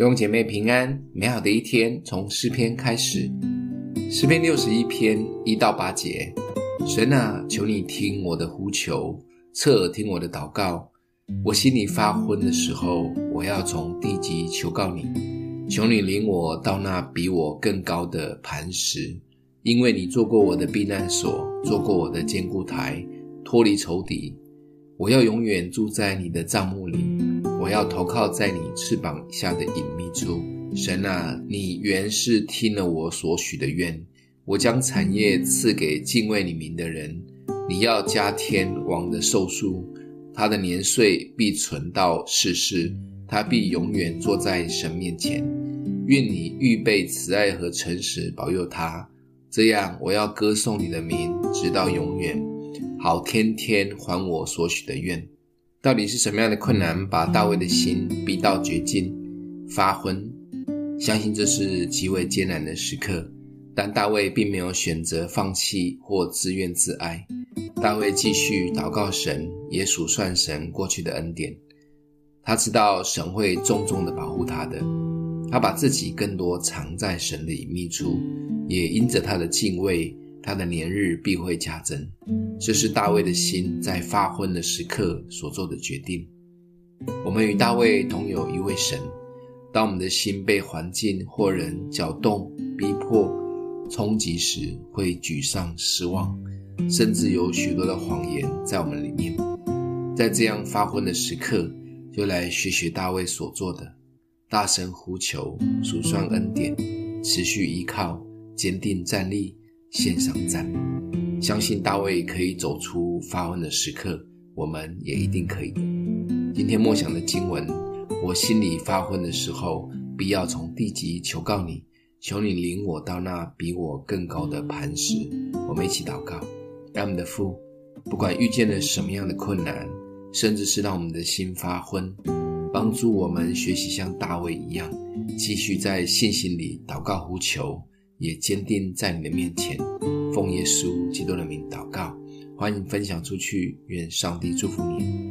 弟兄姐妹平安，美好的一天從詩篇開始。詩篇六十一篇一到八節：神啊，求你聽我的呼求，側耳聽我的禱告。我心裡發昏的時候，我要從地極求告你，求你領我到那比我更高的磐石，因為你作過我的避難所，作過我的堅固臺，脫離仇敵。我要永遠住在你的帳幕裡。我要投靠在你翅膀下的隱祕處，神啊，你原是聽了我所許的願，你將產業賜給敬畏你名的人。你要加添王的壽數，他的年歲必存到世世，他必永遠坐在神面前。願你預備慈愛和誠實保佑他，這樣，我要歌頌你的名，直到永遠，好天天還我所許的願。到底是什麼樣的困難，把大衛的心逼到絕境、發昏？相信這是極為艱難的時刻，但大衛並沒有選擇放棄或自怨自哀。大衛繼續禱告神，也數算神過去的恩典。他知道神會重重的保護他的，他把自己更多藏在神的隱密處，也因着他的敬畏。他的年日必會加增，這是大衛的心在發昏的時刻所做的決定。我們與大衛同有一位神，當我們的心被環境或人攪動、逼迫、衝擊時，會沮喪、失望，甚至有許多的謊言在我們裡面。在這樣發昏的時刻，就來學學大衛所做的，大聲呼求、數算恩典、持續依靠、堅定站立、獻上讚，相信大衛可以走出發昏的時刻，我們也一定可以。今天默想的經文，我心裡發昏的時候，必要從地極求告你，求你領我到那比我更高的磐石。我們一起禱告，愛我們的父，不管遇見了什麼樣的困難，甚至是讓我們的心發昏，幫助我們學習像大衛一樣，繼續在信心裡禱告呼求。也堅定在你的面前，奉耶穌基督的名禱告，歡迎分享出去，願上帝祝福你。